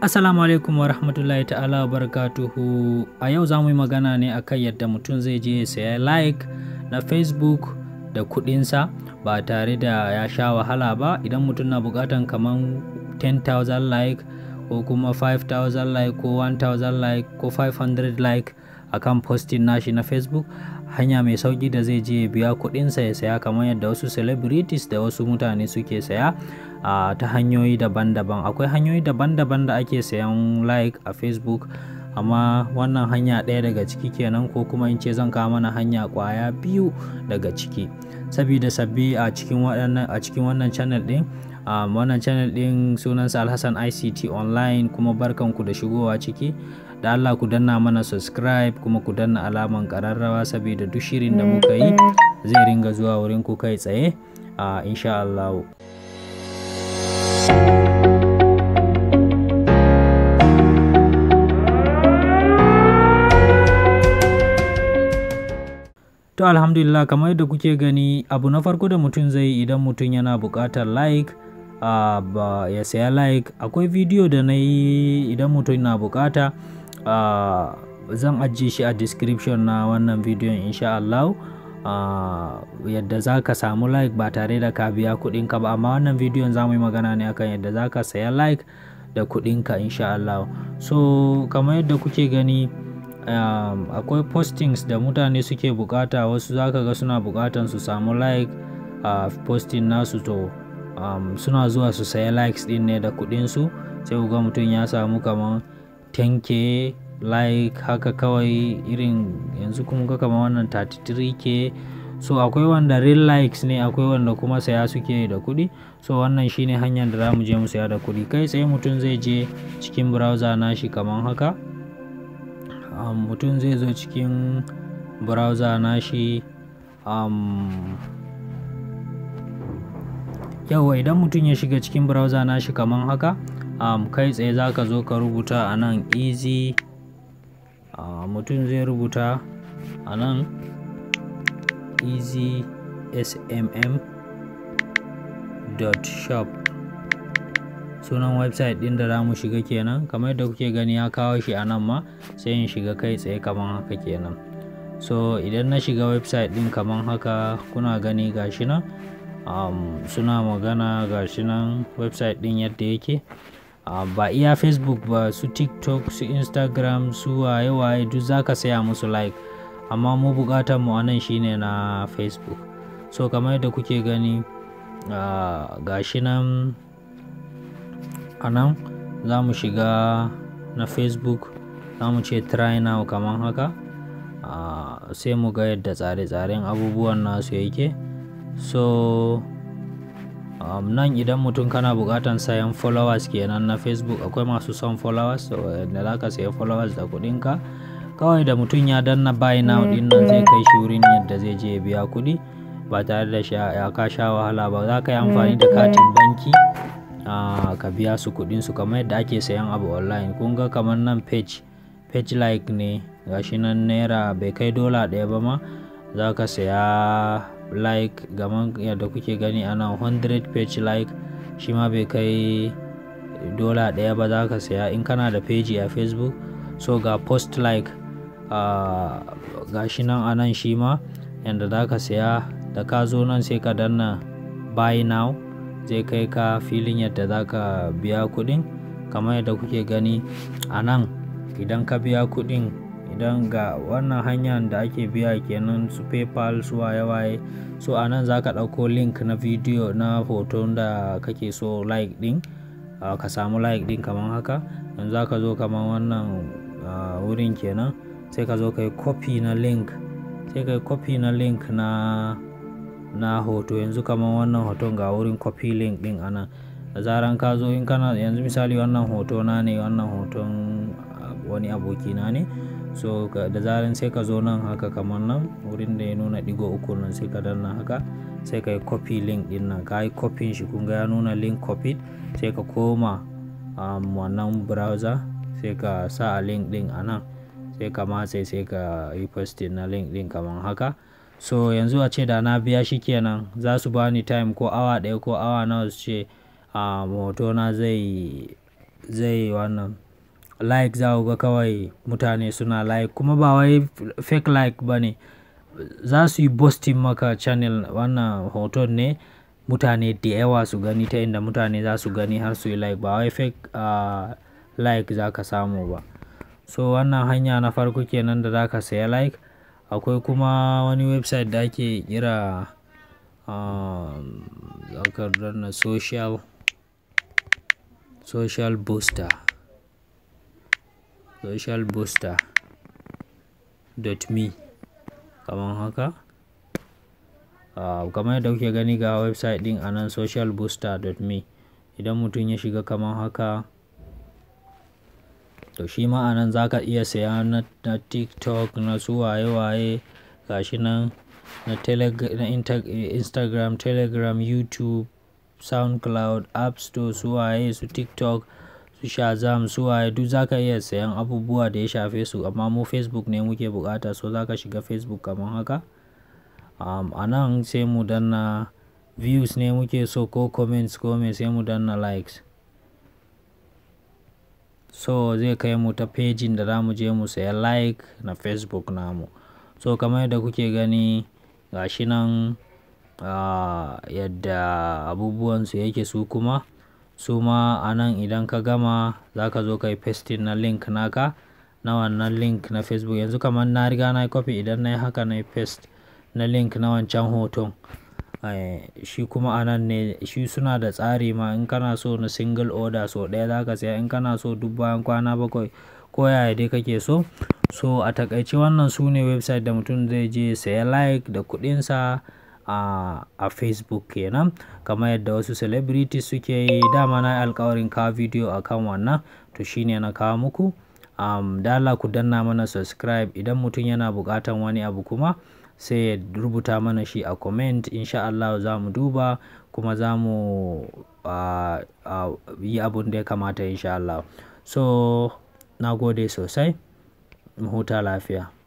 Assalamu alaikum wa rahmatullahi ta'ala wa barakatuhu. A yau za mu yi magana ne a kan yadda mutum zai je saya like na Facebook da kuɗinsa ba tare da ya sha wahala ba idan mutum na buƙatan kaman 10,000 like ko kuma 5,000 like ko 1,000 like ko 500 like akan posting nashi na Facebook hanya mai sauki da zai je biya sa ya saya kamar yadda wasu celebrities da wasu mutane suke saya ah, ta hanyoyi daban-daban akwai hanyoyi daban-daban da ake sayan like a facebook amma wannan hanya ɗaya daga ciki kenan ko kuma in ce zan kawo mana hanya kwaya biyu daga ciki sabida sabbi a cikin waɗannan a cikin wannan channel ɗin a wannan channel ɗin sunansa alhassan ict online kuma barkan ku da shigowa ciki da allah ku danna mana subscribe kuma ku danna alaman ƙararrawa saboda duk shirin da muka yi zai ringa zuwa wurin ku kai tsaye a insha you To alhamdulillah kamar yadda kuke gani abu na farko da mutum zai yi idan mutum yana buƙatar like uh, ya saya like akwai video da na yi idan mutum na buƙata uh, zan ajiye shi a description na wannan bidiyon insha Allah. Uh, yadda za ka samu like ba tare da ka biya kuɗinka ba amma wannan bidiyon za mu yi magana ne akan yadda za ka saya like da kuɗinka insha Allah so kamar yadda kuke gani um, akwai postings da mutane suke bukata wasu zaka ga suna bukatan su samu like a uh, posting nasu to um, suna zuwa su saya likes din ne da kudin su sai ga mutum ya samu kamar 10k like haka kawai irin yanzu kuma ga kamar wannan 33k so akwai wanda real likes ne akwai wanda kuma saya suke da kuɗi so wannan shine hanyar da za mu je mu saya da kuɗi kai tsaye mutum zai je cikin browser nashi kamar haka um, mutum zai zo cikin browser nashi um, yawa idan mutum ya shiga cikin browser nashi kaman haka um, kai tsaye za ka zo ka rubuta a nan easy uh, mutum zai rubuta a nan easy smm.shop shop sunan website din da za mu shiga kenan kamar yadda kuke gani ya kawo shi a nan ma sai in shiga kai tsaye kamar haka kenan so idan na shiga website din kamar haka kuna gani gashi nan um, suna magana gashi nan website din yadda yake uh, ba iya facebook ba su tiktok su instagram su waye waye duk zaka saya musu like amma mu bukatar mu anan shine na facebook so kamar yadda kuke gani uh, gashi nan a nan za mu shiga na facebook za mu ce try now kamar haka ah, sai mu ga yadda tsare-tsaren abubuwan nasu yake so um, nan idan mutum kana bukatan sayan followers kenan na facebook akwai masu son followers da za ka sayi followers da kudinka kawai da mutum ya danna buy now mm, din nan zai mm. kai shi wurin yadda zai je biya kudi ba tare da ya ka sha wahala ba za ka yi amfani da mm, katin banki uh, ka biya su kudin su kamar yadda ake sayan abu online kun ga kamar nan page page like ne gashi nan naira bai kai dola daya ba ma za ka saya like gaman yadda kuke gani a nan 100 page like shi ma bai kai dola daya ba za ka saya in kana da page a facebook so ga post like uh, gashi nan a shi ma yadda za ka saya da ka zo nan sai ka danna buy now zai kai ka filin yadda za ka biya kuɗin kamar yadda kuke gani a nan idan ka biya kuɗin idan ga wannan hanyar da ake biya kenan su paypal su waye-waye so a nan za ka ɗauko link na video na hoton da kake so like ɗin ka samu like ɗin kamar haka yanzu za ka zo kamar wannan wurin kenan sai ka zo ka yi copy na link sai ka yi copy na link na na hoto yanzu kamar wannan hoton ga wurin copy link din anan da zaran ka zo in kana yanzu misali wannan hoto na ne wannan hoton wani aboki na ne so da zaran sai ka zo nan haka kamar nan wurin da ya nuna digo uku nan sai ka danna haka sai ka yi copy link din nan ka yi copy shi kun ga ya nuna link copy sai ka koma um, wannan browser sai ka sa a link din anan sai ka matse sai ka yi posting na link din kamar haka so yanzu a ce da na biya shi kenan za su bani time ko awa ɗaya ko awa nawa su ce a ah, na zai zai wannan like za ga kawai mutane suna like kuma ba wai fake like ba ne za su yi bostin maka channel wannan hoton ne mutane da yawa su gani ta inda mutane za su gani har su yi like ba wai fake uh, like za ka samu ba so wannan hanya na farko kenan da za ka saya like akwai kuma wani website da ake kira um, zakar na social social booster social booster dot me kamar haka uh, ah, kamar yadda kuke gani ga website din anan social booster dot me idan mutum ya shiga kamar haka to shi ma a za ka iya saya na, na tiktok na su waye-waye shi nan na, na instagram telegram youtube soundcloud app store su waye su tiktok su shazam su waye duk za ka iya sayan abubuwa da ya shafe su amma mu facebook ne muke bukata so za ka shiga facebook kamar haka um, a nan sai mu danna views ne muke so ko comments ko mai sai mu danna likes so zai kai mu ta pejin da za mu je mu saya like na facebook namu so kamar yadda kuke gani gashi nan uh, yadda abubuwansu yake su kuma su ma a nan idan ka gama zaka zo kai pasting na link naka na wannan link na facebook yanzu kamar na riga na yi copy idan na yi haka na yi paste na link na wancan hoton shi kuma anan ne shi suna da tsari ma in kana so na single order so ɗaya za ka saya in kana so duk bayan kwana bakwai ko yaya dai kake so so a takaice wannan su ne website da mutum zai je saya like da kuɗinsa a facebook kenan kamar yadda wasu celebrities suke yi dama na yi alkawarin kawo video akan wannan to shine na kawo muku um, da ku danna mana subscribe idan mutum yana buƙatan wani abu kuma sai ya rubuta mana shi a comment insha Allah za mu duba kuma za mu yi abun da ya kamata insha Allah so na gode sosai mu huta lafiya